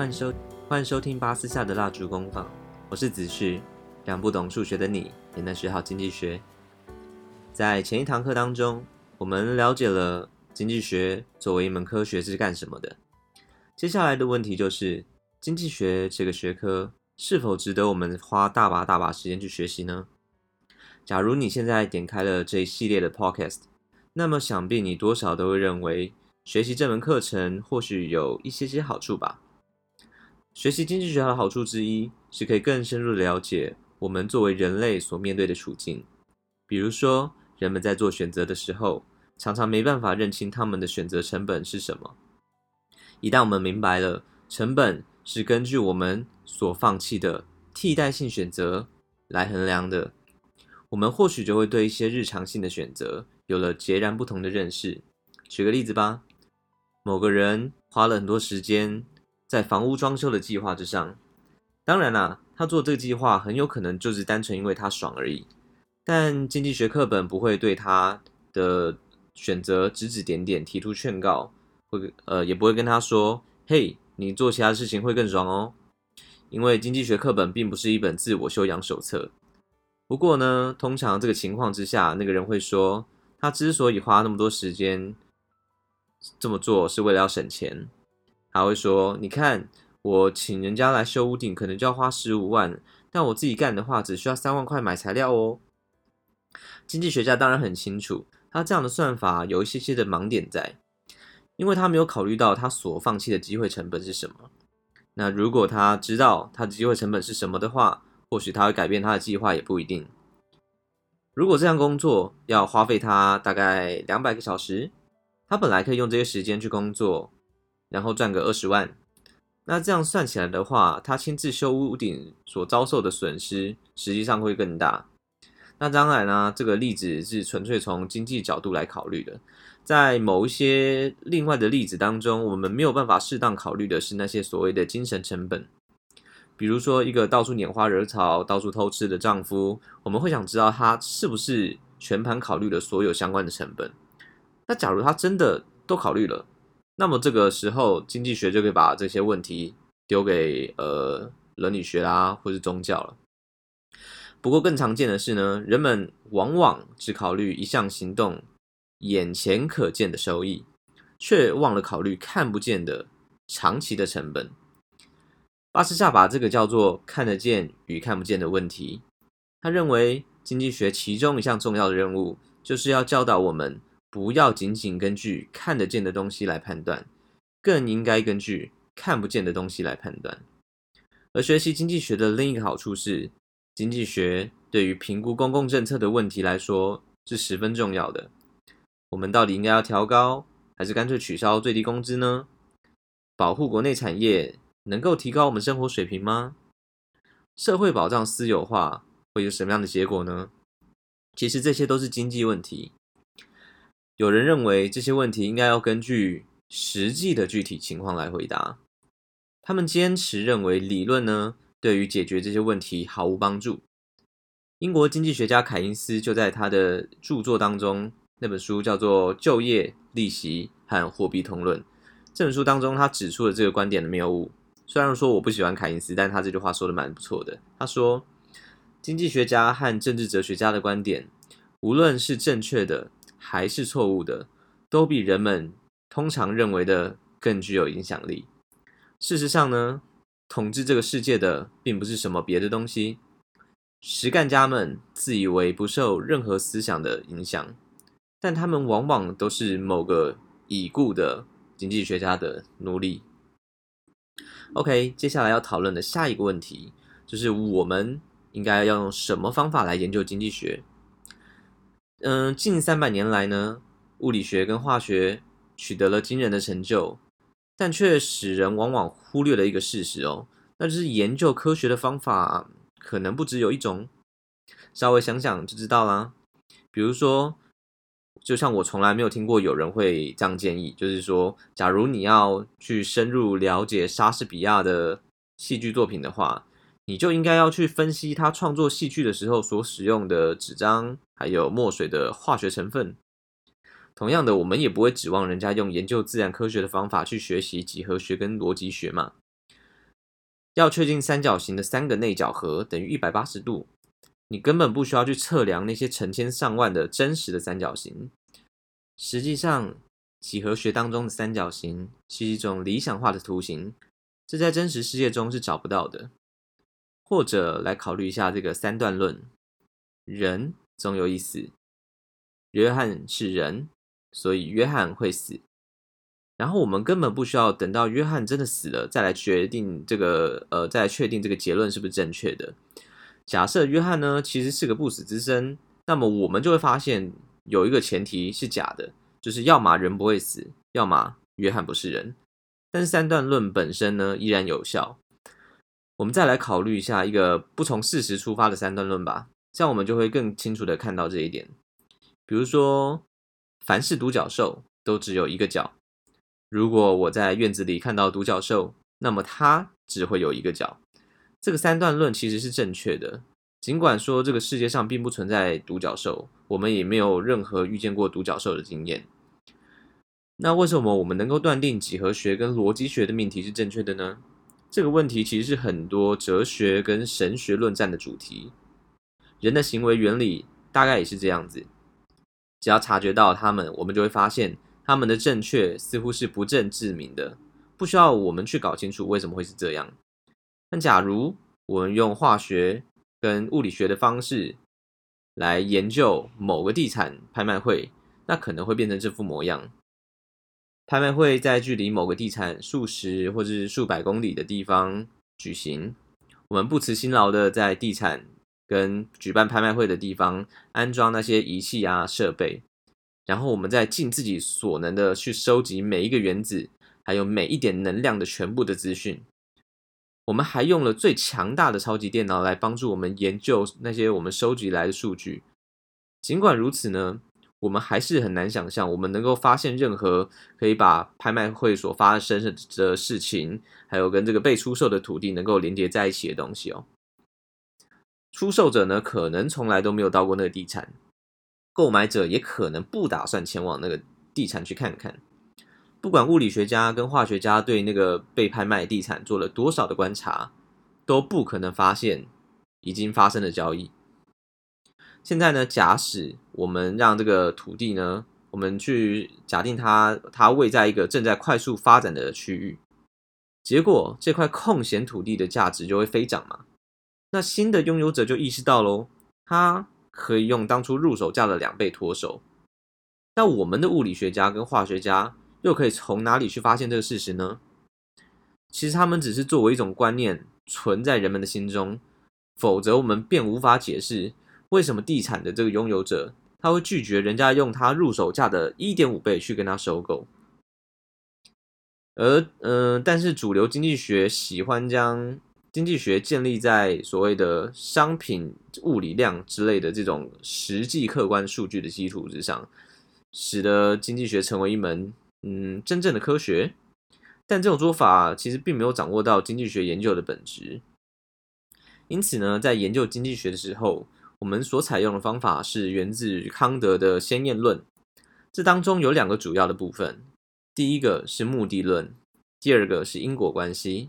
歡迎收歡迎收聽巴斯夏的蠟燭工坊，我是子旭，讓不懂數學的你也能學好經濟學。在前一堂課當中，我們了解了經濟學作為一門科學是幹什麼的。接下來的問題就是，經濟學這個學科是否值得我們花大把大把時間去學習呢？假如你現在點開了這一系列的 podcast，那麼想必你多少都會認為學習這門課程或許有一些些好處吧？學習經濟學的好處之一，是可以更深入的了解我們作為人類所面對的處境。比如說，人們在做選擇的時候，常常沒辦法認清他們的選擇成本是什麼。一旦我們明白了，成本是根據我們所放棄的替代性選擇來衡量的，我們或許就會對一些日常性的選擇，有了截然不同的認識。舉個例子吧，某個人花了很多時間。在房屋裝修的計劃之上，當然啦，他做這個計劃很有可能就是單純因為他爽而已。但經濟學課本不會對他的選擇指指點點，提出勸告，會，呃，也不會跟他說：“嘿，你做其他事情會更爽哦。”因為經濟學課本並不是一本自我修養手冊。不過呢，通常這個情況之下，那個人會說，他之所以花那麼多時間這麼做，是為了要省錢。還會說：“你看，我請人家來修屋頂，可能就要花十五萬，但我自己幹的話，只需要三萬塊買材料哦。”經濟學家當然很清楚，他這樣的算法有一些些的盲點在，因為他沒有考慮到他所放棄的機會成本是什麼。那如果他知道他的機會成本是什麼的話，或許他會改變他的計劃，也不一定。如果這項工作要花費他大概兩百個小時，他本來可以用這些時間去工作。然後賺個二十萬，那這樣算起來的話，他親自修屋頂所遭受的損失，實際上會更大。那當然呢、啊，這個例子是純粹從經濟角度來考慮的。在某一些另外的例子當中，我們沒有辦法適當考慮的是那些所謂的精神成本。比如說，一個到處拈花惹草、到處偷吃的丈夫，我們會想知道他是不是全盤考慮了所有相關的成本。那假如他真的都考慮了，那麼這個時候，經濟學就可以把這些問題丟給呃倫理學啊，或是宗教了。不過更常見的是呢，人們往往只考慮一項行動眼前可見的收益，卻忘了考慮看不見的長期的成本。巴斯夏把這個叫做看得見與看不見的問題。他認為，經濟學其中一項重要的任務就是要教導我們。不要僅僅根據看得見的東西來判斷，更應該根據看不見的東西來判斷。而學習經濟學的另一個好處是，經濟學對於評估公共政策的問題來說是十分重要的。我們到底應該要調高，還是乾脆取消最低工資呢？保護國內產業能夠提高我們生活水平嗎？社會保障私有化會有什麼樣的結果呢？其實這些都是經濟問題。有人認為，這些問題應該要根據實際的具體情況來回答。他們堅持認為理論呢，對於解決這些問題毫無幫助。英國經濟學家凱因斯就在他的著作當中，那本書叫做《就業、利息和貨幣通論》這本書當中，他指出了這個觀點的謬誤。雖然說我不喜歡凱因斯，但他這句話說得蠻不錯的。他說，經濟學家和政治哲學家的觀點，無論是正確的。還是錯誤的，都比人們通常認為的更具有影響力。事實上呢，統治這個世界的並不是什麼別的東西。實幹家們自以為不受任何思想的影響，但他們往往都是某個已故的經濟學家的奴隸。OK，接下來要討論的下一個問題，就是我們應該要用什麼方法來研究經濟學？嗯，近三百年來呢，物理學跟化學取得了驚人的成就，但卻使人往往忽略了一個事實哦，那就是研究科學的方法可能不只有一種。稍微想想就知道啦，比如說，就像我從來沒有聽過有人會這樣建議，就是說，假如你要去深入了解莎士比亞的戲劇作品的話。你就應該要去分析他創作戲劇的時候所使用的紙張還有墨水的化學成分。同樣的，我們也不會指望人家用研究自然科學的方法去學習幾何學跟邏輯學嘛。要確定三角形的三個內角和等於一百八十度，你根本不需要去測量那些成千上萬的真實的三角形。實際上，幾何學當中的三角形是一種理想化的圖形，這在真實世界中是找不到的。或者來考慮一下這個三段論：人總有一死。約翰是人，所以約翰會死。然後我們根本不需要等到約翰真的死了再來決定這個呃，再來確定這個結論是不是正確的。假設約翰呢其實是個不死之身，那麼我們就會發現有一個前提是假的，就是要嘛人不會死，要嘛約翰不是人。但是三段論本身呢依然有效。我們再來考慮一下，一個不從事實出發的三段論吧，這樣我們就會更清楚地看到這一點。比如說，凡是獨角獸都只有一個角。如果我在院子裡看到獨角獸，那麼它只會有一個角。這個三段論其實是正確的，儘管說這個世界上並不存在獨角獸，我們也沒有任何遇見過獨角獸的經驗。那為什麼我們能夠斷定幾何學跟邏輯學的命題是正確的呢？這個問題其實是很多哲學跟神學論戰的主題，人的行為原理大概也是這樣子。只要察覺到他們，我們就會發現他們的正確似乎是不證自明的，不需要我們去搞清楚為什麼會是這樣。那假如我們用化學跟物理學的方式來研究某個地產拍賣會，那可能會變成這副模樣。拍賣會在距離某個地產數十或者是數百公里的地方舉行，我們不辭辛勞的在地產跟舉辦拍賣會的地方安裝那些儀器啊設備，然後我們再盡自己所能的去收集每一個原子，還有每一點能量的全部的資訊。我們還用了最強大的超級電腦來幫助我們研究那些我們收集來的數據。儘管如此呢，我們還是很難想象，我們能夠發現任何可以把拍賣會所發生的事情，還有跟這個被出售的土地能夠連接在一起的東西哦。出售者呢，可能從來都沒有到過那個地產；購買者也可能不打算前往那個地產去看看。不管物理學家跟化學家對那個被拍賣地產做了多少的觀察，都不可能發現已經發生的交易。現在呢，假使我們讓這個土地呢，我們去假定它，它位在一個正在快速發展的區域，結果這塊空閒土地的價值就會飛漲嘛。那新的擁有者就意識到嘍，他可以用當初入手價的兩倍脫手。那我們的物理學家跟化學家又可以從哪裡去發現這個事實呢？其實他們只是作為一種觀念存在人們的心中，否則我們便無法解釋。為什麼地產的這個擁有者，他會拒絕人家用他入手價的一點五倍去跟他收購？而嗯、呃，但是主流經濟學喜歡將經濟學建立在所謂的商品物理量之類的這種實際客觀數據的基礎之上，使得經濟學成為一門嗯真正的科學。但這種做法其實並沒有掌握到經濟學研究的本質。因此呢，在研究經濟學的時候，我們所採用的方法是源自康德的先驗論，這當中有兩個主要的部分：第一個是目的論，第二個是因果關係。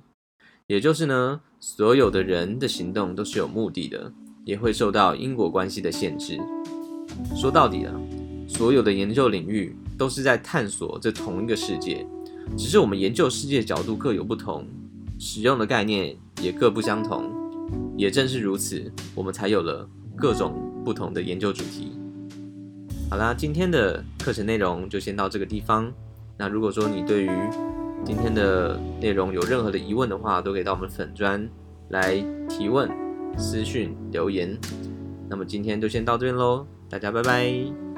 也就是呢，所有的人的行動都是有目的的，也會受到因果關係的限制。說到底了，所有的研究領域都是在探索這同一個世界，只是我們研究世界角度各有不同，使用的概念也各不相同。也正是如此，我們才有了。各種不同的研究主題。好啦，今天的課程內容就先到這個地方。那如果說你對於今天的內容有任何的疑問的話，都可以到我們粉專來提問、私訊留言。那麼今天就先到這邊嘍，大家拜拜。